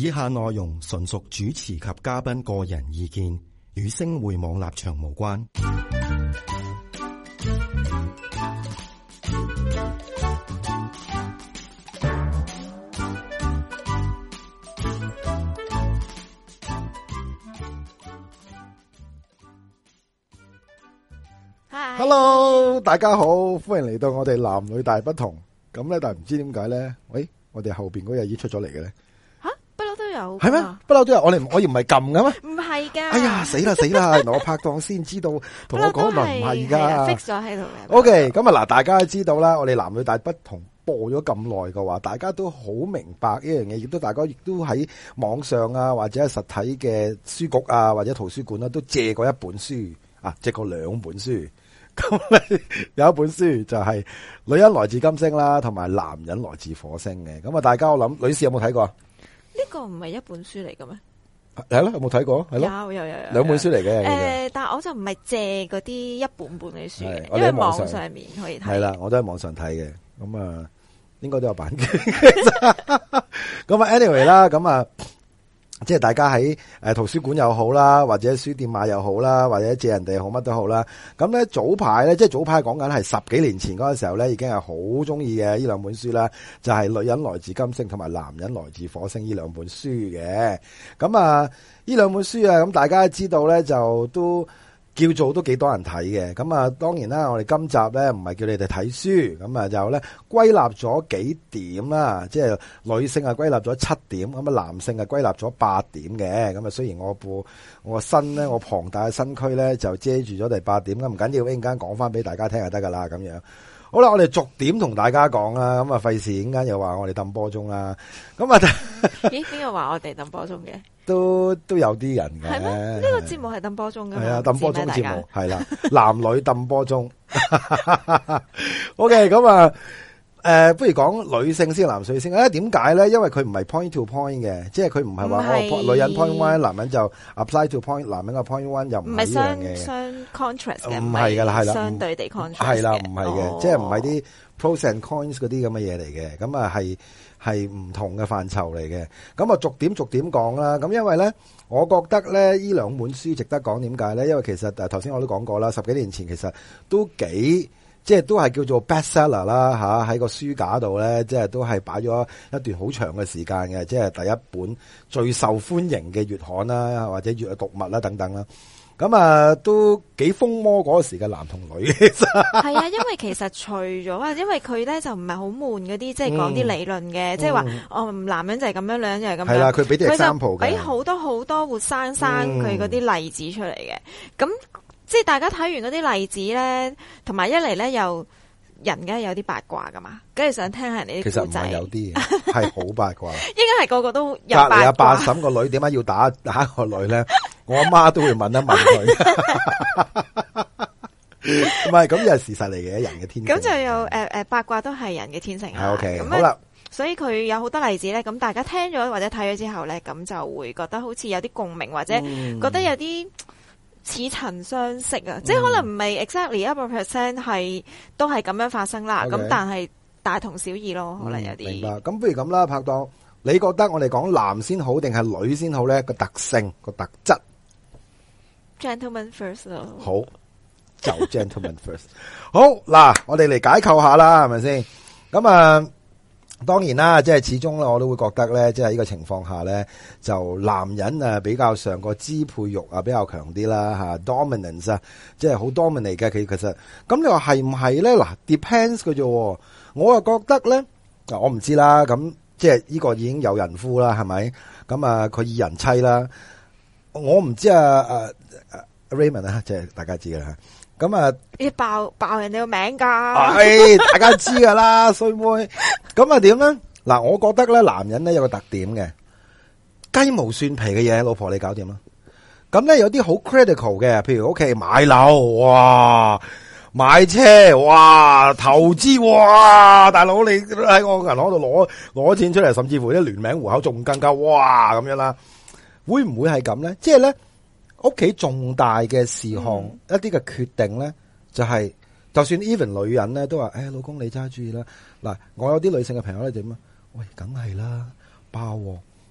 以下內容純屬主持及嘉賓個人意見，與星匯網立場無關。Hello，大家好，歡迎嚟到我哋男女大不同。咁咧，但係唔知點解咧？喂，我哋後邊嗰日已經出咗嚟嘅咧。係咩、啊？不嬲都係，我哋唔可以唔係撳噶咩？唔係噶。哎呀，死啦死啦！我拍檔先知道，同 我講，原來唔係噶。fix 咗喺 O K，咁啊嗱，okay, 大家都知道啦。我哋男女大不同播咗咁耐嘅話，大家都好明白呢樣嘢。亦都大家亦都喺網上啊，或者喺實體嘅書局啊，或者圖書館啦、啊，都借過一本書啊，借過兩本書。咁 有一本書就係《女人來自金星》啦，同埋《男人來自火星》嘅。咁啊，大家我諗女士有冇睇過？呢個唔係一本書嚟嘅咩？係咯，有冇睇過？有有有兩本書嚟嘅。誒，但係我就唔係借嗰啲一本本嘅書，因為網上面可以睇。係啦，我都喺網上睇嘅，咁啊，應該都有版權。咁啊，anyway 啦，咁啊。即係大家喺誒圖書館又好啦，或者書店買又好啦，或者借人哋好乜都好啦。咁咧早排咧，即係早排講緊係十幾年前嗰個時候咧，已經係好中意嘅呢兩本書啦。就係《女人來自金星》同埋《男人來自火星》呢兩本書嘅。咁啊，呢兩本書啊，咁大家知道咧就都。叫做都幾多人睇嘅，咁啊當然啦，我哋今集咧唔係叫你哋睇書，咁啊就咧歸納咗幾點啦，即係女性係歸納咗七點，咁啊男性係歸納咗八點嘅，咁啊雖然我部我個身咧，我龐大嘅身軀咧就遮住咗第八點，咁唔緊要，一陣間講翻俾大家聽就得噶啦，咁樣。好啦，我哋逐點同大家講啦，咁啊費事，陣間又話我哋揼波鐘啦，咁啊，咦，邊個話我哋揼波鐘嘅？都都有啲人嘅，係咩？呢個節目係揼波鐘㗎，係啊，揼波鐘節目係啦，男女揼波鐘。O K，咁啊。誒、呃，不如講女性先，男性先。誒，點解咧？因為佢唔係 point to point 嘅，即係佢唔係話女人 point one，男人就 apply to point，男人個 point one 又唔係相相 contrast 嘅，唔係噶啦，係啦，相對地 contrast，係啦，唔係嘅，即係唔係啲 pros and cons 嗰啲咁嘅嘢嚟嘅。咁啊係係唔同嘅範疇嚟嘅。咁啊逐點逐點講啦。咁因為咧，我覺得咧，呢兩本書值得講？點解咧？因為其實誒，啊、頭先我都講過啦，十幾年前其實都幾。即係都係叫做 bestseller 啦，吓喺個書架度咧，即係都係擺咗一段好長嘅時間嘅，即係第一本最受歡迎嘅粵刊啦，或者粵語讀物啦等等啦，咁啊都幾風魔嗰時嘅男同女，其係啊，因為其實除咗啊因為佢咧就唔係好悶嗰啲，即係講啲理論嘅，即係話哦，男人就係咁樣，女人就係咁樣，係啦，佢俾啲三部，俾好多好多，多活生生佢嗰啲例子出嚟嘅，咁、嗯。即係大家睇完嗰啲例子咧，同埋一嚟咧又人梗係有啲八卦噶嘛，梗係想聽下人哋啲古仔。有啲係好八卦， 應該係個個都有八卦，阿八嬸個女點解要打打個女咧？我阿媽都會問一問佢。唔 係， 咁又係事實嚟嘅，人嘅天性。咁 就有誒誒、呃、八卦都係人嘅天性。係 OK，好啦。所以佢有好多例子咧，咁大家聽咗或者睇咗之後咧，咁就會覺得好似有啲共鳴，或者覺得有啲。嗯似曾相識啊，即係可能唔係 exactly 一百 percent 係都係咁樣發生啦，咁、okay。但係大同小異咯，可、嗯、能有啲。明白。咁不如咁啦，拍檔，你覺得我哋講男先好定係女先好咧？個特性，個特質。Gentleman first 咯。好，就 gentleman first。 好，嗱，我哋嚟解構一下啦，係咪先？咁啊。Uh, 當然啦，即係始終咧，我都會覺得咧，即係呢個情況下咧，就男人啊比較上個支配欲啊比較強啲啦，吓 dominance 啊，即係好 dominant 嚟嘅。佢其實咁你話係唔係咧？嗱，depends 嘅啫，我又覺得咧，我唔知啦，咁即係呢個已經有人夫啦，係咪？咁啊，佢二人妻啦，我唔知啊，誒，Raymond 啊，Raymond，即係大家知嘅吓。咁啊！要爆爆人哋個名噶，哎，係大家知噶啦，衰 妹。咁啊點咧？嗱，我覺得咧，男人咧有個特點嘅，雞毛蒜皮嘅嘢，老婆你搞掂啦。咁咧有啲好 critical 嘅，譬如屋企買樓哇，買車哇，投資哇，大佬你喺我銀行度攞攞錢出嚟，甚至乎啲聯名戶口仲更加哇咁樣啦。會唔會係咁咧？即係咧，屋企重大嘅事項，嗯、一啲嘅決定咧，就係、是、就算 even 女人咧都話，誒、哎，老公你揸主意啦。嗱，我有啲女性嘅朋友咧點啊？喂，梗係啦，包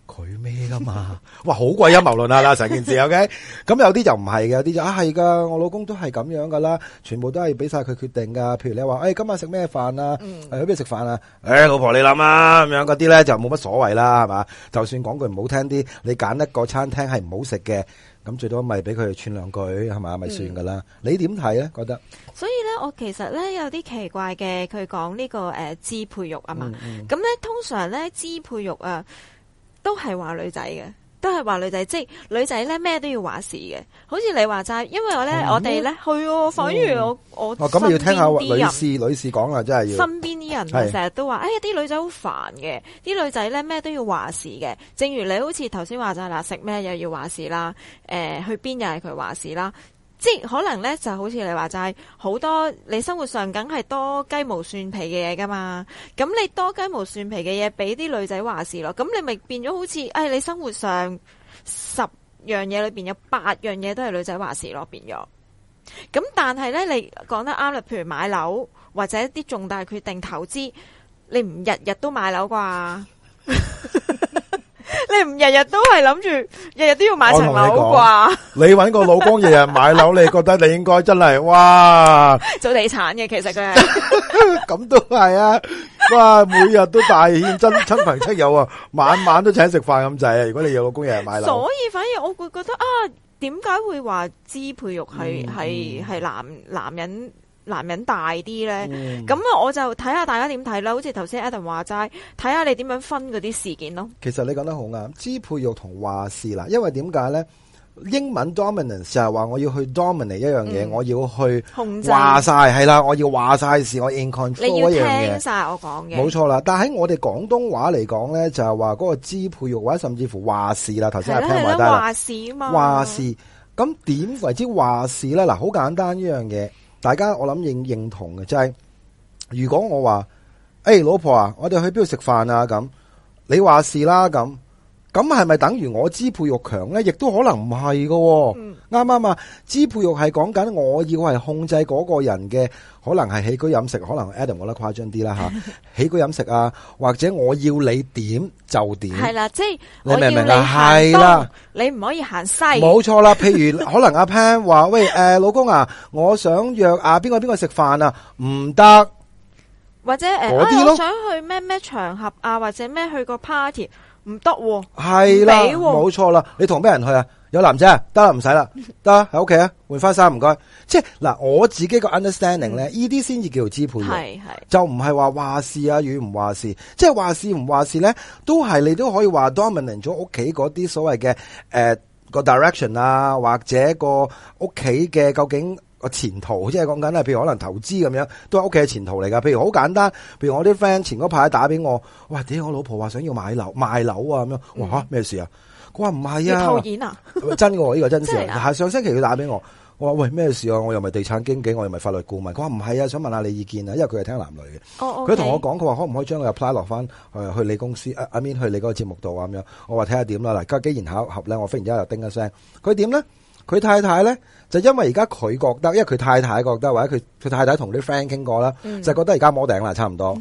佢咩噶嘛？ 哇，好鬼陰謀論啊！啦，成件事 OK。咁有啲就唔係嘅，有啲就啊係噶，我老公都係咁樣噶啦，全部都係俾晒佢決定噶。譬如你話，誒、哎，今日食咩飯啊？誒、嗯，去邊食飯啊？誒、哎，老婆你諗啊，咁樣嗰啲咧就冇乜所謂啦，係嘛？就算講句唔好聽啲，你揀一個餐廳係唔好食嘅。咁最多咪俾佢哋串兩句，係嘛？咪算噶啦、嗯？你點睇咧？覺得？所以咧，我其實咧有啲奇怪嘅，佢講呢個誒、啊、支配慾啊嘛。咁咧、嗯嗯、通常咧支配慾啊，都係話女仔嘅。都係話女仔，即係女仔咧，咩都要話事嘅。好似你話齋，因為我咧、嗯，我哋咧，去、喔反而嗯、哦。例如我我哦，咁要聽下女士女士講啦，真係要。身邊啲人係成日都話，哎，呀，啲女仔好煩嘅，啲女仔咧咩都要話事嘅。正如你好似頭先話齋啦，食咩又要話事啦，誒、呃，去邊又係佢話事啦。即係可能咧，就好似你話齋，好多你生活上梗係多雞毛蒜皮嘅嘢噶嘛，咁你多雞毛蒜皮嘅嘢俾啲女仔話事咯，咁你咪變咗好似，誒、哎、你生活上十樣嘢裏邊有八樣嘢都係女仔話事咯，變咗。咁但係咧，你講得啱啦，譬如買樓或者一啲重大決定投資，你唔日日都買樓啩？ 你唔日日都係諗住，日日都要買層樓啩？你搵個 老公日日買樓， 你覺得你應該真係哇？做地產嘅其實佢咁都係啊！哇，每日都大獻真親朋戚友啊，晚晚都請食飯咁滯啊！如果你有老公日日買樓，所以反而我會覺得啊，點解會話支配慾係係係男男人？男人大啲咧，咁、嗯、啊，我就睇下大家點睇啦。好似頭先 Adam 話齋，睇下你點樣分嗰啲事件咯。其實你講得好啱，支配慾同話事啦。因為點解咧？英文 dominance 就係話我要去 dominate 一樣嘢，嗯，我要去控制，話晒係啦，我要話晒事，我 in control 一樣嘅。你要聽晒我講嘅。冇錯啦，但喺我哋廣東話嚟講咧，就係話嗰個支配慾或者甚至乎話事啦。頭先係聽話事啊嘛，話事，咁點為之話事咧？嗱，好簡單呢樣嘢。大家我諗認認同嘅就係，如果我話，誒、hey, 老婆，我去吃飯啊，我哋去邊度食飯啊咁，你話事啦咁。咁係咪等於我支配欲強咧？亦都可能唔係噶，啱啱啊？支配欲係講緊我要係控制嗰個人嘅，可能係起居飲食，可能 Adam 我得誇張啲啦吓，起居飲食啊，或者我要你點就點，係 啦，即係你明唔明啊？係啦，你唔可以行西，冇錯啦。譬如可能阿 Pan 話 喂，誒、呃，老公啊，我想約阿邊個邊個食飯啊，唔得，啊，或者誒、呃哎，我想去咩咩場合啊，或者咩去個 party。唔得喎，係啦，冇、啊、錯啦，你同咩人去啊？有男仔啊，得啦、啊，唔使啦，得喺屋企啊，換返衫、啊，唔該、啊。即係嗱，我自己個 understanding 咧，呢啲先至叫做支配嘅，係係就唔係話話事啊，與唔話事，即係話事唔話事咧，都係你都可以話 dominating 咗屋企嗰啲所謂嘅、呃、個 direction 啊，或者個屋企嘅究竟。前途，即係講緊啊，譬如可能投資咁樣，都係屋企嘅前途嚟噶。譬如好簡單，譬如我啲 friend 前嗰排打俾我，我、啊，哇！點我老婆話想要買樓、賣樓啊咁樣。哇咩事啊？佢話唔係啊，導演啊， 真呢、這個真事啊。係上星期佢打俾我，我話喂咩事啊？我又唔係地產經紀，我又唔係法律顧問。佢話唔係啊，想問下你意見啊，因為佢係聽男女嘅。佢、oh, 同、okay. 我講，佢話可唔可以將個 apply 落翻誒去你公司阿面 I mean, 去你嗰個節目度啊咁樣。我話睇下點啦。嗱，家既然巧合咧，我忽然之間又叮一聲，佢點咧？佢太太咧就因為而家佢覺得，因為佢太太覺得或者佢佢太太同啲 friend 傾過啦，嗯、就覺得而家摸頂啦，差唔多。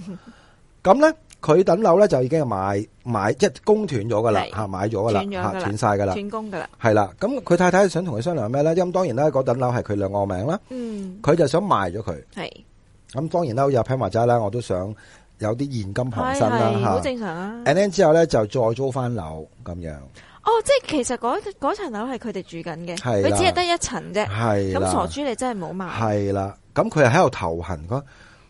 咁咧佢等樓咧就已經係賣即係供斷咗噶啦吓，買咗噶啦，斷晒噶啦，斷供噶啦。係啦，咁佢太太想同佢商量咩咧？咁當然啦，嗰等樓係佢兩個名啦。嗯，佢就想賣咗佢。係咁，當然啦，有批 a 仔呢，我都想有啲現金行身啦吓。好正常啊 and then 之後咧就再租翻樓咁樣。哦，即係其實嗰層層樓係佢哋住緊嘅，佢只係得一層啫。係咁傻豬，你真係冇買。係啦，咁佢係喺度頭痕講，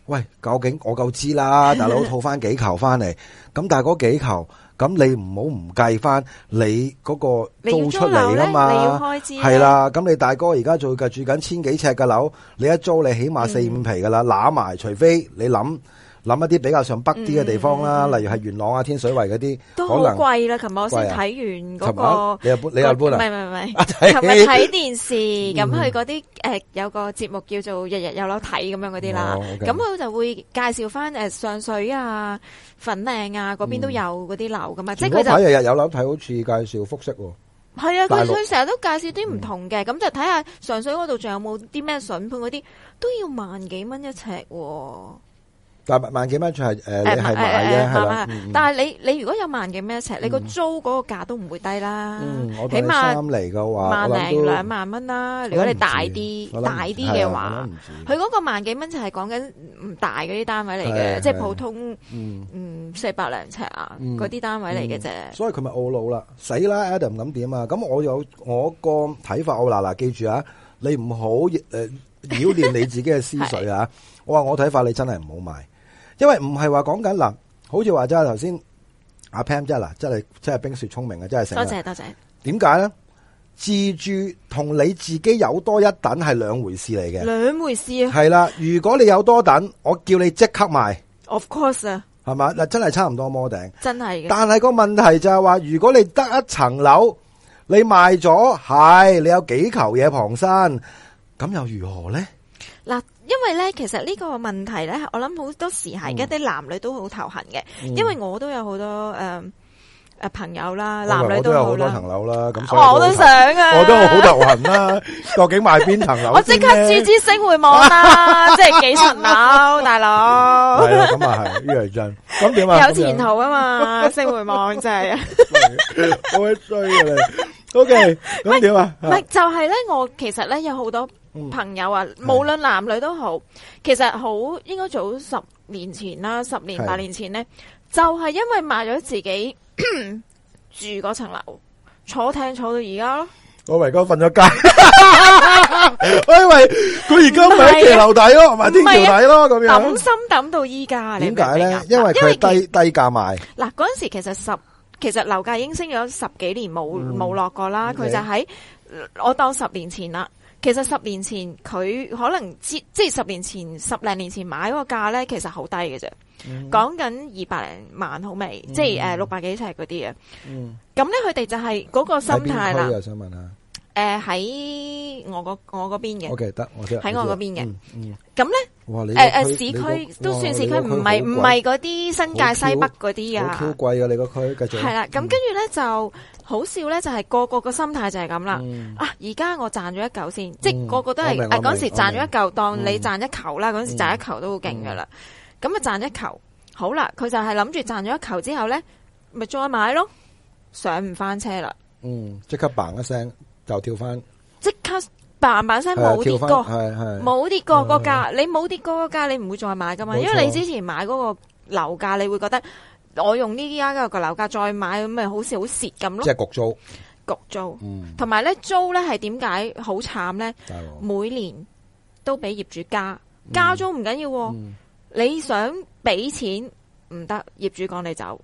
喂，究竟我夠知啦，大佬套翻幾球翻嚟？咁大哥幾球？咁你唔好唔計翻你嗰個租出嚟啦嘛你。你要開支。係啦，咁你大哥而家做嘅住緊千幾尺嘅樓，你一租你起碼四五皮噶啦，攬、嗯、埋，除非你諗。諗一啲比較上北啲嘅地方啦、嗯嗯，例如係元朗啊、天水圍嗰啲，都好貴啦。琴日、啊、我先睇完嗰、那個，你又搬，你又搬啊！唔係唔係，琴日睇電視咁，佢嗰啲誒有個節目叫做《日日有樓睇》咁樣嗰啲啦。咁、哦、佢、okay. 就會介紹翻誒上水啊、粉嶺啊嗰邊都有嗰啲樓噶嘛、嗯。即係佢就看日日有樓睇，看好似介紹複式喎。係啊，佢佢成日都介紹啲唔同嘅，咁、嗯、就睇下上水嗰度仲有冇啲咩筍盤嗰啲都要萬幾蚊一尺。嗯但萬幾蚊就係誒，你係唔、哎哎嗯、但係你你如果有萬幾蚊一尺，你個租嗰個價都唔會低啦。嗯，我三話起碼萬零兩萬蚊啦。如果你大啲大啲嘅話，佢嗰個萬幾蚊就係講緊唔大嗰啲單位嚟嘅，即係普通嗯，嗯四百零尺啊嗰啲單位嚟嘅啫。所以佢咪懊惱啦，死啦！Adam 咁點啊？咁我有我個睇法，我嗱嗱記住啊！你唔好、呃、擾亂你自己嘅思緒啊！ 我話我睇法，你真係唔好買。因為唔係話講緊嗱，好似話齋頭先阿 Pam 啫嗱，真係真係冰雪聰明啊，真係成。多謝多謝。點解咧？自住同你自己有多一等係兩回事嚟嘅。兩回事啊。係啦，如果你有多等，我叫你即刻賣。Of course 啊。係嘛嗱？真係差唔多摩頂。真係嘅。但係個問題就係話，如果你得一層樓，你賣咗係，你有幾球嘢傍身，咁又如何咧？嗱。因為咧，其實呢個問題咧，我諗好多時係一啲男女都好頭痕嘅。因為我都有好多誒誒朋友啦，男女都有好多層樓啦。咁所以我都想啊，我都好頭痕啦。究竟買邊層樓？我即刻獅子星匯網啦，即係幾層樓，大佬。咁啊係，呢係真。咁點啊？有前途啊嘛，星匯網真係。好衰啊你。O K，咁點啊？唔係就係咧，我其實咧有好多。朋友啊，無論男女都好，其實好應該早十年前啦，十年八年前咧，是就係因為賣咗自己 住嗰層樓，坐廳坐到而家咯，oh God。我維哥瞓咗覺，我以為佢而家咪喺騎樓底咯，埋啲橋底咯，咁樣抌、啊、心抌到依家。點解咧？因為佢低為低價賣嗱嗰陣時其實十，其實十其實樓價已經升咗十幾年，冇冇落過啦。佢、okay、就喺我當十年前啦。其實十年前佢可能即即十年前十零年前買嗰個價咧，其實好低嘅啫。講、嗯、緊二百零萬好未、嗯？即係誒六百幾尺嗰啲啊。咁咧佢哋就係嗰個心態啦。又想問下誒，喺我嗰我嗰邊嘅，OK 得，喺我嗰邊嘅，咁咧誒誒，市區都算市區，唔係唔係嗰啲新界西北嗰啲啊，好貴噶你個區，繼續係啦。咁跟住咧就好笑咧，就係個個個心態就係咁啦啊。而家我賺咗一嚿先，即係個個都係誒。嗰時賺咗一嚿，當你賺一球啦，嗰時賺一球都好勁噶啦。咁啊賺一球好啦，佢就係諗住賺咗一球之後咧，咪再買咯，上唔翻車啦。嗯，即刻嘭一聲。就跳翻，即刻嘭嘭聲冇跌過，啊，冇跌過個價。你冇跌過個價，你唔會再買噶嘛。因為你之前買嗰個樓價，你會覺得我用呢家嗰個樓價再買，咁咪好似好蝕咁咯。即係焗租、焗租、焗租。嗯、租呢。同埋咧租咧係點解好慘咧？每年都俾業主加加租唔緊要，嗯、你想俾錢唔得，業主趕你走。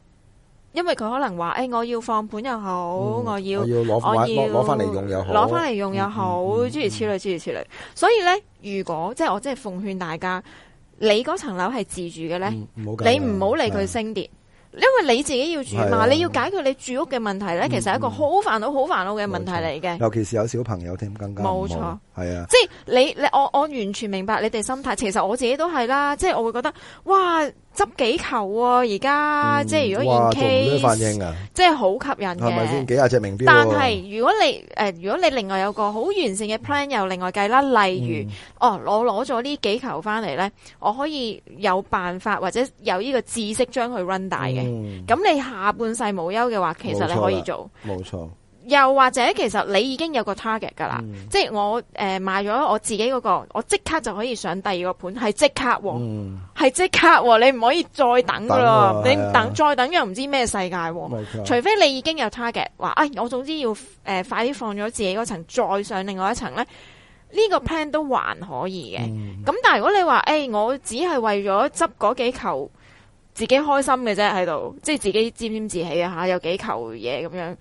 因為佢可能話，誒、哎，我要放盤又好、嗯，我要，我要攞翻攞翻嚟用又好，攞翻嚟用又好，諸、嗯嗯、如此類，諸、嗯、如此類。嗯、所以咧，如果即係我真係奉勸大家，你嗰層樓係自住嘅咧、嗯，你唔好理佢升跌，因為你自己要住嘛，你要解決你住屋嘅問題咧，其實係一個好煩惱、好煩惱嘅問題嚟嘅。、嗯，尤其是有小朋友添，更加冇錯。係啊，即係你你我我完全明白你哋心態，其實我自己都係啦，即係我會覺得，哇！執幾球喎、啊，而家、嗯、即係如果演 K、啊，即係好吸引嘅。咪先幾啊只名，但係如果你誒、呃，如果你另外有個好完善嘅 plan，又另外計啦。例如、嗯、哦，我攞咗呢幾球翻嚟咧，我可以有辦法或者有呢個知識將佢 run 大嘅。咁、嗯、你下半世冇憂嘅話，其實你可以做。冇錯。又或者，其實你已經有個 target 噶啦，即係我誒賣咗我自己嗰、那個，我即刻就可以上第二個盤，係即刻，係、嗯、即刻。你唔可以再等噶喇，你等、哎、再等又唔知咩世界。除非你已經有 target，話、哎、我總之要誒、呃、快啲放咗自己嗰層，再上另外一層咧。呢、這個 plan 都還可以嘅。咁、嗯、但係如果你話誒、哎、我只係為咗執嗰幾球自己開心嘅啫，喺度即係自己沾沾自喜啊，吓有幾球嘢咁樣。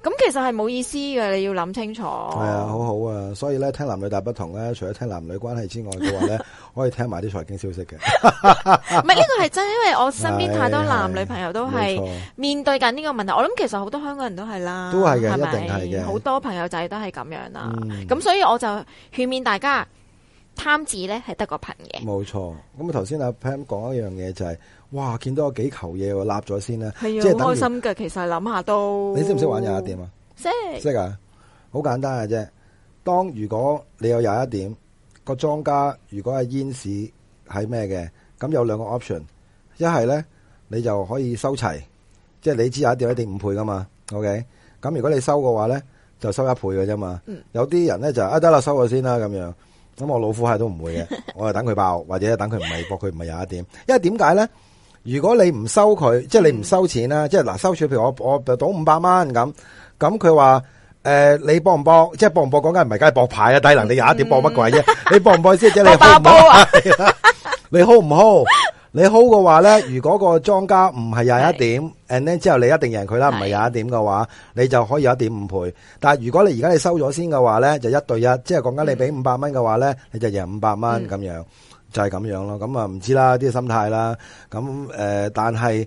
咁其實係冇意思嘅，你要諗清楚。係啊，好好啊，所以咧，聽男女大不同咧，除咗聽男女關係之外嘅話咧， 可以聽埋啲財經消息嘅。唔係呢個係真，因為我身邊太多男女朋友都係、哎哎、面對緊呢個問題。我諗其實好多香港人都係啦，都係嘅，一定係嘅。好多朋友仔都係咁樣啦、啊。咁、嗯、所以我就勸勉大家，貪字咧係得個貧嘅。冇錯。咁啊 Pam、就是，頭先阿 Pam 講一樣嘢就係。哇！見到個幾球嘢，立咗先啦，係啊，好開心㗎。其實諗下都你識唔識玩廿一點啊？識識啊，好簡單嘅啫。當如果你有廿一點，個莊家如果係煙士係咩嘅，咁有兩個 option，一係咧你就可以收齊，即係你知廿一點一點五倍噶嘛。OK，咁如果你收嘅話咧，就收一倍嘅啫嘛。嗯，有啲人咧就啊得啦收咗先啦咁樣，咁我老虎係都唔會嘅，我係等佢爆 或者等佢唔係搏佢唔係廿一點，因為點解咧？如果你唔收佢，即係你唔收錢啦，嗯、即係嗱收處，譬如我我賭五百蚊咁，咁佢話誒你搏唔搏？即係搏唔搏講緊唔係梗係搏牌啊，低能、嗯、你廿一點搏乜鬼啫？ 你搏唔搏先啫？ 你好唔好？ 你好唔好？ 你好嘅話咧，如果個莊家唔係廿一點，and then 之後你一定贏佢啦，唔係廿一點嘅話，你就可以有一點五倍。但係如果你而家你收咗先嘅話咧，就一對一，即係講緊你俾五百蚊嘅話咧，你就贏五百蚊咁樣。嗯就係、是、咁樣咯，咁啊唔知啦啲心態啦，咁誒、呃，但係。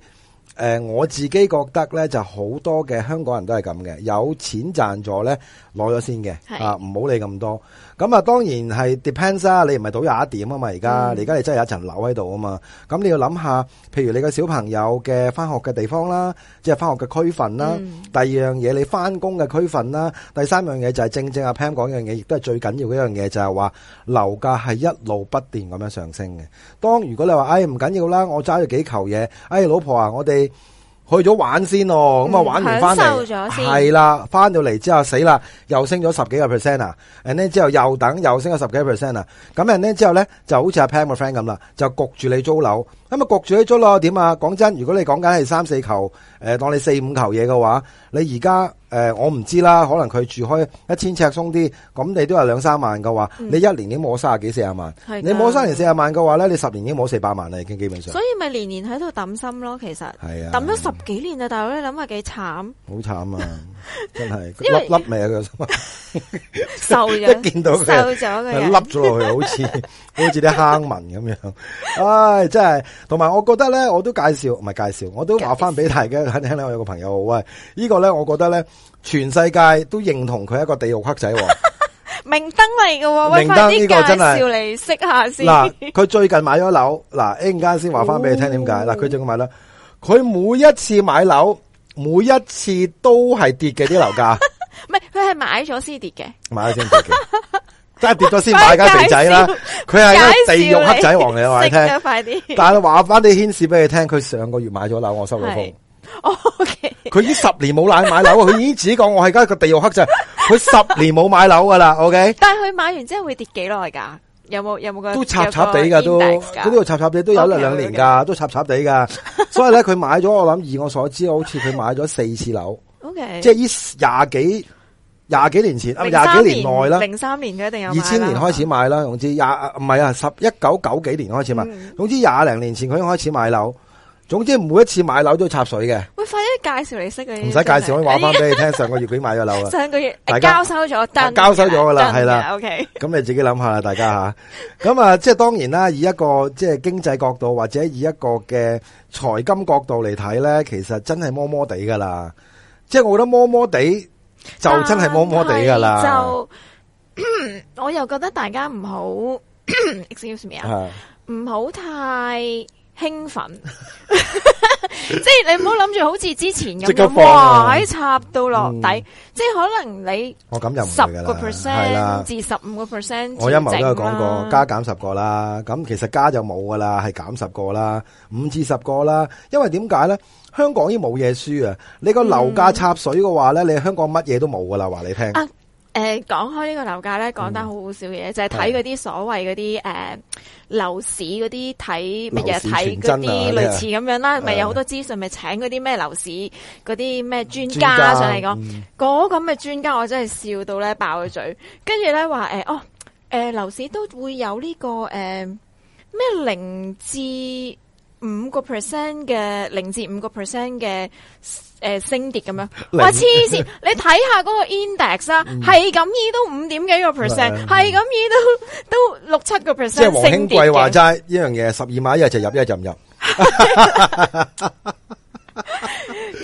誒、呃、我自己覺得咧，就好多嘅香港人都係咁嘅，有錢賺咗咧攞咗先嘅，啊唔好理咁多。咁啊當然係 depends 啦、啊，你唔係賭廿一點啊嘛，而家、嗯、你而家你真係有一層樓喺度啊嘛。咁你要諗下，譬如你個小朋友嘅翻學嘅地方啦，即係翻學嘅區份啦、嗯。第二樣嘢你翻工嘅區份啦。第三樣嘢就係正正阿、啊、Pam 講嘅嘢，亦都係最緊要一樣嘢，樣就係話樓價係一路不斷咁樣上升嘅。當如果你話哎唔緊要啦，我揸咗幾球嘢，誒、哎、老婆啊，我哋。去咗玩先哦，咁、嗯、啊玩完翻嚟係啦，翻到嚟之後死啦，又升咗十幾個 percent 啊，誒呢之後又等又升咗十幾個 percent 啊，咁人呢之後咧就好似阿 Pam 嘅 friend 咁啦，就焗住你租樓，咁啊焗住你租咯，點啊？講真，如果你講緊係三四球，誒，當你四五球嘢嘅話，你而家。誒、呃，我唔知啦，可能佢住開一千尺鬆啲，咁你都話兩三萬嘅話，嗯、你一年已經冇三十幾四十萬，你冇三年四十萬嘅話咧，你十年已經冇四百萬啦，已經基本上。所以咪年年喺度揼心咯，其實。係啊，揼咗十幾年啊，大佬你諗下幾慘？好慘啊！真係，因為凹 啊瘦的，佢瘦咗，一見到瘦咗嘅人，凹咗落去好似 好似啲坑紋咁樣。唉、哎，真係，同埋我覺得咧，我都介紹唔係介紹，我都話翻俾大家聽咧，我有個朋友喂，這個、呢個咧，我覺得咧。全世界都認同佢係一個地獄黑仔王 明燈、啊，明燈嚟嘅，快啲介紹嚟識下先。 嗱，佢最近買咗樓，嗱，一陣間先話翻俾你聽點解。嗱，佢仲買啦，佢、哦、每一次買樓，每一次都係跌嘅啲樓價，唔係佢係買咗先跌嘅， 買咗先才跌嘅，真 係跌咗先買間肥仔啦。佢 係一個地獄黑仔王嚟，我 話你聽。但係話翻啲牽示俾你聽，佢 上個月買咗樓，我收到風。 O K，佢已經十年冇買買樓，佢已經自己講，我係而家個地獄黑啫。佢十年冇買樓噶啦。O、okay? K，但係佢買完之後會跌幾耐噶？有冇有冇個都插插地噶都？呢度插插地都有兩兩年噶，都插插地噶。所以咧，佢買咗我諗，以我所知，好似佢買咗四次樓。O、okay. K，即係依廿幾廿幾年前啊，廿幾年內啦，零三年嘅一定有。二千年開始買啦，總之廿唔係啊，十一九九幾年開始嘛、嗯。總之廿零年前佢已經開始買樓。總之每一次買樓都要插水嘅，喂，快啲介紹你識嘅，唔使介紹，可以話翻俾你聽，上個月已經買咗樓啦，上個月交收咗，但交收咗噶啦，係啦，OK，咁你自己諗下啦，大家吓，咁啊，即係當然啦，以一個即係經濟角度或者以一個嘅財金角度嚟睇咧，其實真係摸摸地噶啦，即係我覺得摸摸地就真係摸摸地噶啦，就我又覺得大家唔好 excuse me 啊，唔好太。興奮、 嗯，即係你唔好諗住好似之前咁，哇喺插到落底，即係可能你10我咁又十個 percent，係啦，至十五個 percent。我一文都有講過，加減十個啦，咁其實加就冇噶啦，係減十個啦，五至十個啦。因為點解咧？香港已經冇嘢輸啊！你個樓價插水嘅話咧，你香港乜嘢都冇噶啦，話你聽。啊誒、呃，講開個樓價呢個樓價咧，講得好好笑嘅嘢、嗯，就係睇嗰啲所謂嗰啲誒樓市嗰啲睇乜嘢睇嗰啲類似咁樣啦，咪有好多資訊，咪請嗰啲咩樓市嗰啲咩專家上嚟講，嗰咁嘅專家我真係笑到咧爆咗嘴，跟住咧話誒哦，誒、呃、樓市都會有呢、這個誒咩零至。呃五個 percent 嘅，零至五個 percent 嘅誒，升跌咁樣，哇黐線！你睇下個 index 啊，係咁而都五點幾個 percent，係咁而都都六七個 percent。升跌，王興貴話齋呢樣嘢，十二碼一日就進一進入，一日入唔入？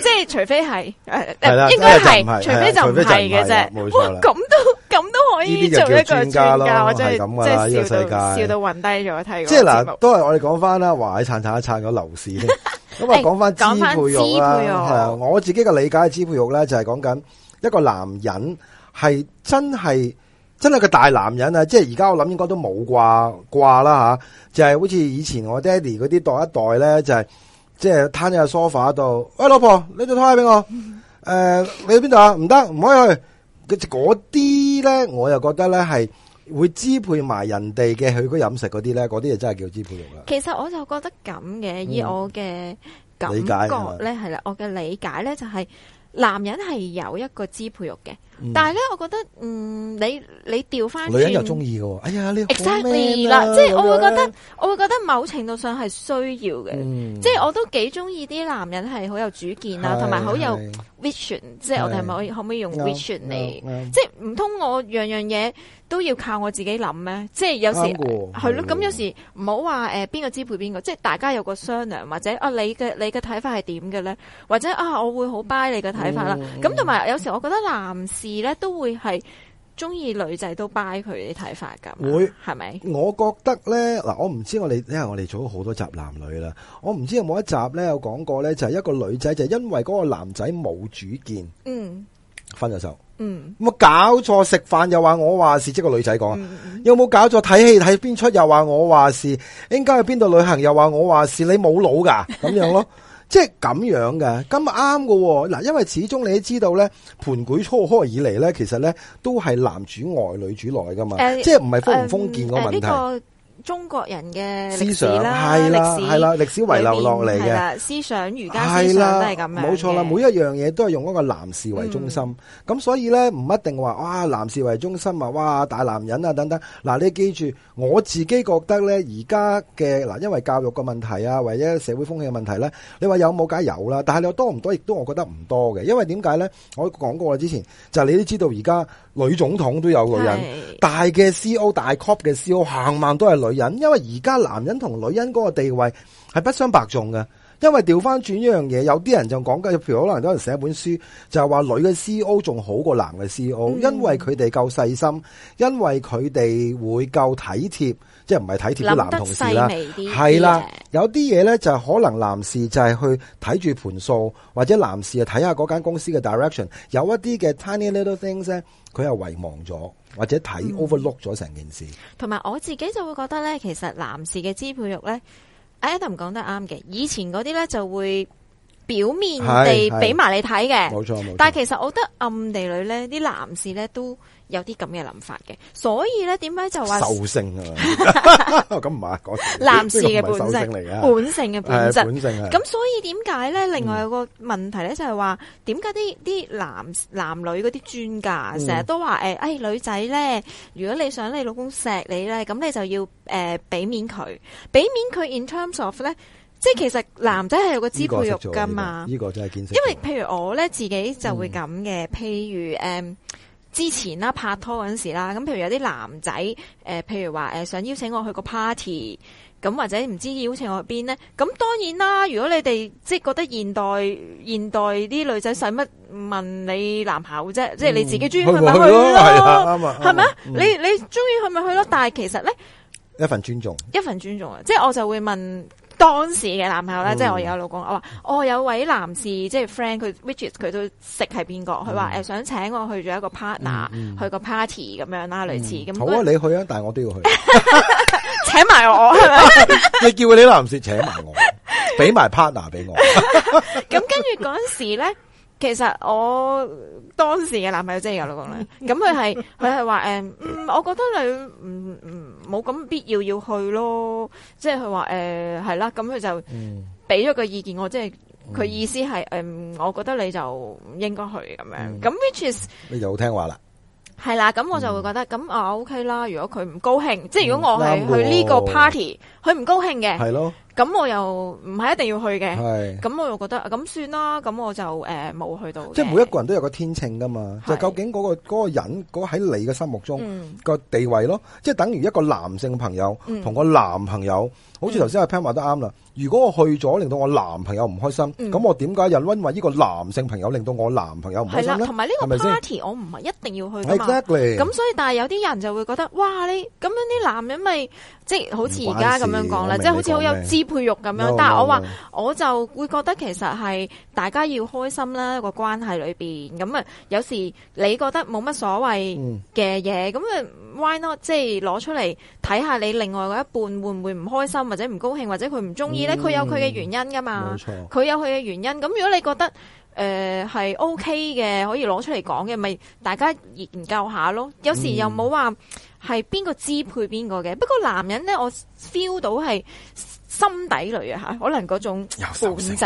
即係除非係誒，係、呃、應該係，除非就唔係嘅啫，冇錯咁都。呢啲就叫專家咯，係咁㗎啦，呢、呢個世界笑到暈低咗，睇過。即係嗱，都係我哋講翻啦，話喺撐撐一撐嗰樓市。咁啊，講翻支配慾啦。係啊，我自己嘅理解支配慾咧，就係講緊一個男人係真係真係個大男人啊！即係而家我諗應該都冇掛掛啦吓、啊，就係、是、好似以前我爹哋嗰啲代一代咧，就係即係攤喺個 sofa 度。 喂，老婆，呢套拖鞋俾我。誒、呃，你去邊度啊？唔 得，唔可以去。嗰啲。啲咧，我又覺得咧係會支配埋人哋嘅佢嗰飲食嗰啲咧，嗰啲就真係叫支配慾啦。其實我就覺得咁嘅，以我嘅感覺咧，係、嗯、啦，我嘅理解咧就係、是、男人係有一個支配慾嘅。嗯、但係咧，我覺得嗯，你你調翻女人又中意喎，哎呀呢、啊，exactly 啦，即係我會覺得、嗯、我會覺得某程度上係需要嘅，即、嗯、係、就是、我都幾中意啲男人係好有主見啊，同埋好有 vision，嗯 vision 嗯、即係我哋係咪可唔可以用 vision 嚟？No, no, no, no, 即係唔通我樣樣嘢都要靠我自己諗咩？即係有時係咯，咁、呃、有時唔好話誒邊個支配邊個，即係大家有個商量，或者啊你嘅你嘅睇法係點嘅咧？或者啊，或者啊我會好 buy 你嘅睇法啦，咁同埋有時我覺得男士。而咧都會係中意女仔都掰佢啲睇法噶，會係咪？我覺得咧嗱，我唔知我哋，因為我哋做咗好多集男女啦，我唔知有冇一集咧有講過咧，就係、是、一個女仔就因為嗰個男仔冇主見，嗯，分咗手，嗯，咁有冇搞錯食飯又話我話事，即、就是、個女仔講、嗯、有冇搞錯睇戲睇邊出又話我話事，應該去邊度旅行又話我話事，你冇腦噶咁樣咯。 即係咁樣嘅，咁啱嘅嗱，因為始終你都知道咧，盤古初開以嚟咧，其實咧都係男主外女主內噶嘛，即係唔係封唔封建個問題。嗯嗯，這個中國人嘅思想啦，係啦，係啦，歷史遺留落嚟嘅思想，儒家、啊啊啊、思，思想都係咁樣，冇錯、啊、啦，每一樣嘢都係用嗰個男士為中心，咁、嗯、所以咧唔一定話哇男士為中心啊，哇大男人啊等等，嗱你記住，我自己覺得咧而家嘅嗱因為教育嘅問題啊，或者社會風氣嘅問題咧，你話有冇解？有啦，但係你多唔多，亦都我覺得唔多嘅，因為點解咧？我講過啦，之前就你都知道，而家女總統都有個人，大嘅 C O 大 cop 嘅 C O 行萬都係女。因為現在男人和女人，因為而家男人同女人嗰個地位係不相伯仲嘅。因為掉返轉一樣嘢，有啲人就講嘅，譬如可能有人寫本書就話女嘅 CEO 仲好過男嘅 CEO，因為佢哋夠細心，因為佢哋會夠體貼，即係唔係體貼啲男同事啦。係啦，有啲嘢呢，就可能男士就係去睇住盤數，或者男士啊睇下嗰間公司嘅 direction，有一啲嘅 tiny little things 咧，佢又遺忘咗。或者睇、嗯、overlook 咗成件事，同埋我自己就會覺得咧，其實男士嘅支配欲咧，Adam 講得啱嘅，以前嗰啲咧就會表面地俾埋你睇嘅，冇錯冇錯，但係其實我覺得暗地裏咧，啲男士咧都。有啲咁嘅諗法嘅，所以咧，點解就話獸性啊？咁唔係，講、那個、男士嘅本性嚟嘅，本性嘅本質。本性。咁所以點解咧？另外有一個問題咧，就係話點解啲啲男男女嗰啲專家成日都話誒，誒、嗯哎、女仔咧，如果你想你老公錫你咧，咁你就要誒俾、呃、面佢，俾面佢。In terms of 咧，即係其實男仔係有個支配欲噶嘛。呢、嗯這個這個這個真係因為譬如我咧自己就會咁嘅、嗯，譬如誒。嗯之前啦，拍拖嗰陣時啦，咁譬如有啲男仔，誒、呃，譬如話誒、呃，想邀請我去個 party，咁或者唔知邀請我去邊咧，咁當然啦，如果你哋即係覺得現代現代啲女仔使乜問你男朋友啫，嗯，即係你自己中意去咪去，去咯，係，嗯，咪啊？嗯，你你中意去咪去咯，但係其實咧，一份尊重，一份尊重啊，即係我就會問。當時嘅男朋友咧、嗯，即係我有老公，我話我、哦、有位男士，即係 friend，佢 which is 佢都識係邊個，佢話誒想請我去咗一個 partner，、嗯嗯、去個 party 咁樣啦，類似咁、嗯。好啊，你去啊，但係我都要去 ， 請埋我，係咪？ 你叫你男士請埋我，俾埋 partner 俾我。咁 跟住嗰陣時咧，其實我當時嘅男朋友即係我老公呢。咁佢係佢係話誒，我覺得你唔唔。嗯嗯冇咁必要要去咯，即係佢話誒係啦，咁佢就俾咗個意見我，嗯、即係佢意思係誒、嗯，我覺得你就應該去咁樣。咁、嗯、which is 你就好聽話啦，係啦，咁我就會覺得咁啊、嗯、OK 啦。如果佢唔高興，即係如果我係去呢個 party，佢、嗯、唔高興嘅，係咯。咁我又唔係一定要去嘅，係，咁我又覺得咁算啦，咁我就誒冇去到。即係每一個人都有個天秤噶嘛，就究竟嗰個嗰個人嗰喺你嘅心目中個地位咯，即係等於一個男性朋友同個男朋友，好似頭先阿 Pan 話得啱啦。如果我去咗，令到我男朋友唔開心，咁我點解又因為呢個男性朋友令到我男朋友唔開心咧？係啦，同埋呢個 party 我唔係一定要去。Exactly。咁所以但係有啲人就會覺得，哇！你咁樣啲男人咪即係好似而家咁樣講啦，即係好似好有自。配肉咁樣，但係我話我就會覺得其實係大家要開心啦，個關係裏邊，咁啊有時你覺得冇乜所謂嘅嘢，咁啊 why not 即係攞出嚟睇下你另外嗰一半會唔會唔開心或者唔高興或者佢唔中意咧？佢有佢嘅原因噶嘛，冇錯，佢有佢嘅原因。咁如果你覺得誒係 OK 嘅，可以攞出嚟講嘅，咪大家研究下咯。有時又冇話係邊個支配邊個嘅。不過男人咧，我 feel 到係。心底裏啊吓，可能嗰種本質係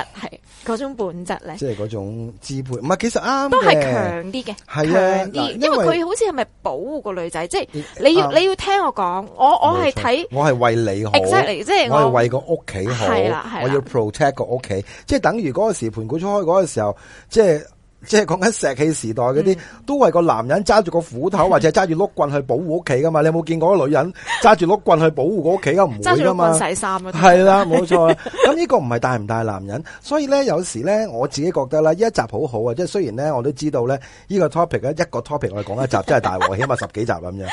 嗰種本質咧，即係嗰種支配唔係，其實啱都係強啲嘅，強啲，因為佢好似係咪保護個女仔？即係你要、嗯、你要聽我講，我我係睇，我係為你好，exactly，即係我係為個屋企好，係啦係我要 protect 個屋企，即係等於嗰個時盤古初開嗰個時候，即係。即係講緊石器時代嗰啲，嗯、都係個男人揸住個斧頭，或者揸住碌棍去保護屋企噶嘛？你有冇見過個女人揸住碌棍去保護個屋企？噶 唔會噶嘛？揸住棍洗衫係啦，冇錯。咁呢 個唔係大唔大男人？所以咧，有時咧，我自己覺得啦呢一集好好啊！即係雖然咧，我都知道咧，呢、這個 topic 咧一個 topic 我哋講一集真係大鑊 起碼十幾集啦咁樣呢。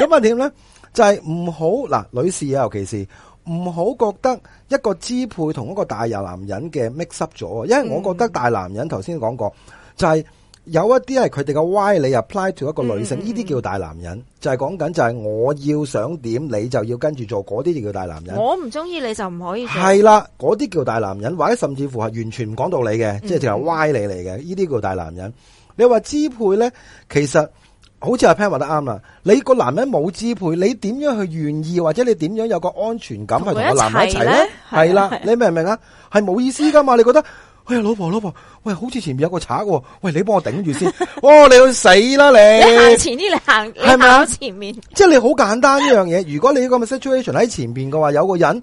咁、就、啊、是，點咧就係唔好嗱，女士尤其是唔好覺得一個支配同一個大日男人嘅 mix 咗，因為我覺得大男人頭先講過。就係、是、有一啲係佢哋嘅歪理 apply to 一個女性，呢、嗯、啲、嗯、叫大男人。就係講緊就係我要想點，你就要跟住做，嗰啲叫大男人。我唔中意你就唔可以。係啦，嗰啲叫大男人，或者甚至乎係完全唔講道理嘅，即係直頭歪理嚟嘅，呢、嗯、啲叫大男人。你話支配咧，其實好似阿 Pan 話得啱啦。你個男人冇支配，你點樣去願意，或者你點樣有個安全感去同個男人一齊咧？係啦，你明唔明啊？係冇意思噶嘛，你覺得？喂、哎、老婆老婆，喂，好似前面有個賊喎，喂，你幫我頂住先，哇、 哦，你去死啦你！行前啲，你行，係咪前，前面，即係你好簡單呢樣嘢。如果你個 situation 喺前邊嘅話，有個人，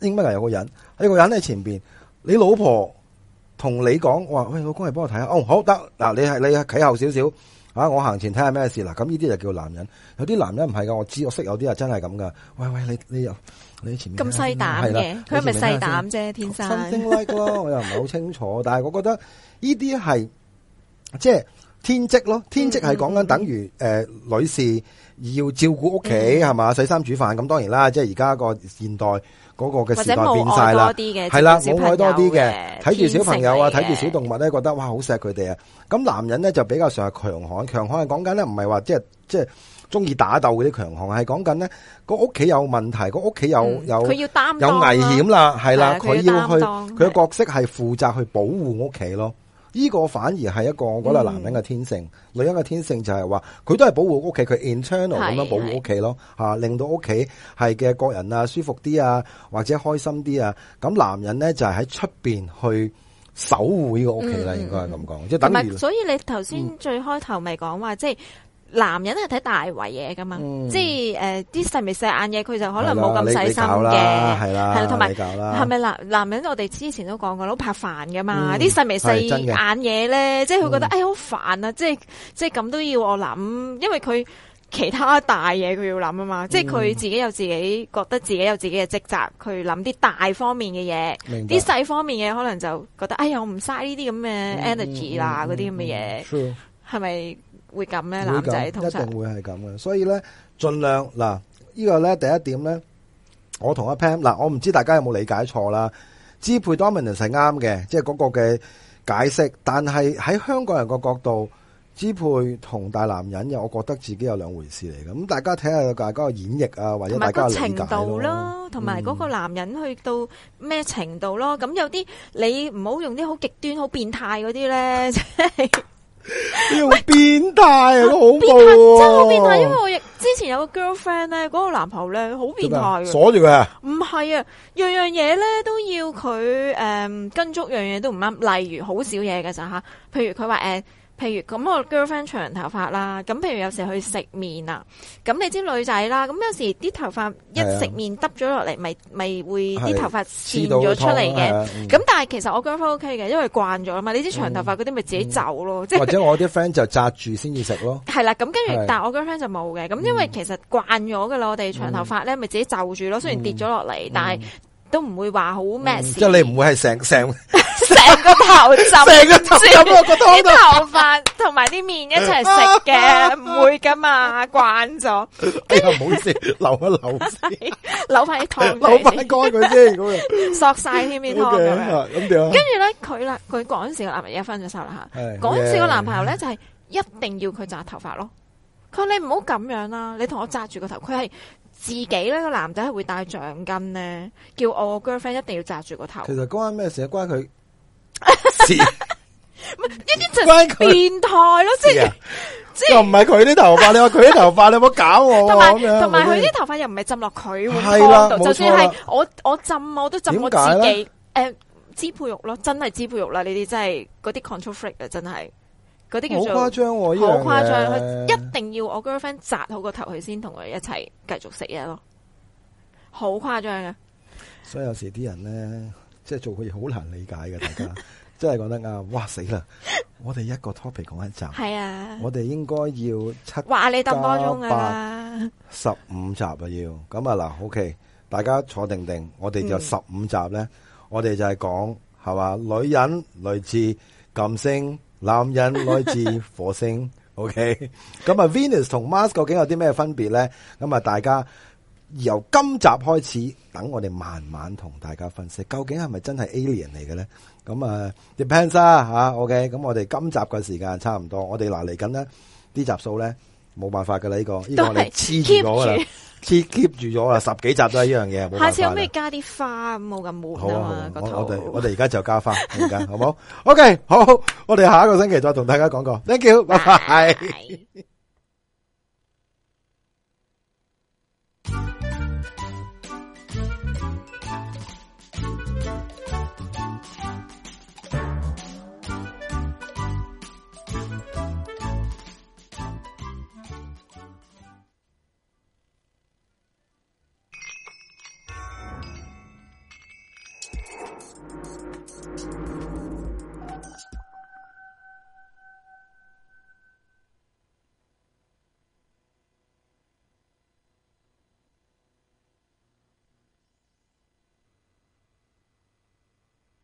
應該係有個人，有個人喺前邊，你老婆同你講，話喂，老公係幫我睇下，哦，好得，嗱，你係你企後少少、啊，我行前睇下咩事，啦咁呢啲就叫男人。有啲男人唔係噶，我知我識有啲係真係咁噶。喂喂，你你又。你咁細膽嘅，佢咪細膽啫？天生新星 like 咯，我又唔係好清楚， 但係我覺得呢啲係即係天職咯。天職係講緊等於誒、呃、女士要照顧屋企係嘛，洗衫煮飯。咁當然啦，即係而家個現代嗰、那個嘅時代變晒啦。係啦，母愛多啲嘅，睇住小朋友啊，睇住小，小動物咧，覺得哇好錫佢哋啊。咁男人咧就比較上係強悍，強悍係講緊咧唔係話即係即係。中意打鬥嗰啲強項，係講緊呢個屋企有問題，個屋企有有佢、嗯、要擔當、啊、有危險啦，係啦，佢要，要去，佢嘅角色係負責去保護屋企咯。呢、這個反而係一個我覺得男人嘅天性，嗯、女人嘅天性就係話佢都係保護屋企，佢 internal 咁樣保護屋企咯，吓、啊、令到屋企係嘅個人啊舒服啲啊，或者開心啲啊。咁男人呢，就係喺出邊去守護呢個屋企啦，應該係咁講，即、嗯、係、就是、等於。所以你頭先最開頭咪講話即係。嗯就是男人係睇大圍嘢噶嘛，嗯、即係誒啲細眉細眼嘢，佢就可能冇咁細心嘅，係啦，係同埋係咪男男人？我哋之前都講過，好怕煩噶嘛，啲細眉細眼嘢咧、嗯，即係佢覺得、嗯、哎好煩啊，即係即係咁都要我諗，因為佢其他大嘢佢要諗啊嘛，嗯、即係佢自己有自己覺得自己有自己嘅職責，佢諗啲大方面嘅嘢，啲細方面嘅可能就覺得哎呀我唔嘥呢啲咁嘅 energy 啦、嗯，嗰啲咁嘅嘢，係、嗯、咪？會咁咩？男仔通常一定會係咁嘅，所以咧盡量嗱，呢個咧第一點咧，我同阿 Pam 嗱，我唔知大家有冇理解錯啦。支配 Dominance 係啱嘅，即係嗰個嘅解釋，但係喺香港人嘅角度，支配同大男人，我覺得自己有兩回事嚟嘅。咁大家睇下，大家嘅演繹啊，或者大家理解咯，同埋嗰個男人去到咩程度咯？咁有啲你唔好用啲好極端、好變態嗰啲咧。要 變態啊,啊，好變態，真係好變態。因為我亦之前有個 girlfriend 咧，嗰個男朋友咧好變態嘅，鎖住佢啊。唔係啊，樣樣嘢咧都要佢誒、嗯、跟足樣嘢都唔啱，例如好少嘢嘅咋吓，譬如佢話誒。呃譬如咁我 girlfriend 長頭髮啦，咁譬如有時去食麵啊，咁你知女仔啦，咁有時啲頭髮一食麵耷咗落嚟，咪咪會啲頭髮散咗出嚟嘅。咁但係其實我 girlfriend O K 嘅，因為慣咗啊嘛，你知長頭髮嗰啲咪自己就咯、嗯嗯，即或者我啲 friend 就紮住先至食咯。係啦、啊，咁跟住，但我 girlfriend 就冇嘅，咁因為其實慣咗噶啦，我哋長頭髮咧咪自己就住咯，雖然跌咗落嚟，但、嗯、係。嗯都唔會話好咩事，即、嗯、係你唔會係成成成個頭，成個豬啲頭髮同埋啲麵一齊食嘅，唔、啊、會噶嘛，慣、啊、咗。你又唔好意思， 留一留一，留翻啲頭，留翻乾佢啫。咁、那、樣、個，索晒添啲湯跟住咧，佢、okay，啦，佢 嗰時個男朋友分咗手啦吓，okay，嗰時個個男朋友咧就係一定要佢紮頭髮咯。佢、okay，你唔好咁樣啦，你同我紮住個頭，佢係。自己咧個男仔係會帶橡筋咧，叫我個 girlfriend 一定要紮住個頭。其實關咩事、啊？關佢事， 關事、啊？乜一啲關佢變態咯，即係即係唔係佢啲頭髮？你話佢啲頭髮，你有冇搞我咁、啊、樣？同埋佢啲頭髮又唔係浸落佢碗湯度，啊、就算係我我浸我都浸我自己誒、呃、支配慾咯，真係支配慾啦！呢啲真係嗰啲 control freak 啊，真係。啲叫做好誇張，好誇張，一定要我 girlfriend 紮好個頭佢先同佢一齊繼續食嘢咯，好誇張啊，所以有時啲人咧，即係做佢好難理解嘅，大 家真係覺得呀，哇死啦！我哋一個 topic 講一集，係啊，我哋應該要七你等多鐘啊加八十五集啊，要咁啊嗱，OK，大家坐定定，我哋就十五集咧、嗯，我哋就係講係嘛，女人嚟自金星。男人來自火星 ，OK，咁啊 Venus 同 Mars 究竟有啲咩分別咧？咁啊，大家由今集開始，等我哋慢慢同大家分析，究竟係咪真係 alien 嚟嘅咧？咁啊，depends 啊吓，OK，咁我哋今集嘅時間差唔多，我哋嗱嚟緊咧呢啲集數咧。冇辦法噶啦呢個呢、這個黐住咗喇，黐 keep 住咗喇， 十幾集都係呢樣嘢，冇辦法。下次可唔可以加啲花冇咁悶啊嘛、啊、我哋我哋而家就加花，而 家好冇。OK，好，好我哋下一個星期再同大家講過。Thank you，拜拜。Bye.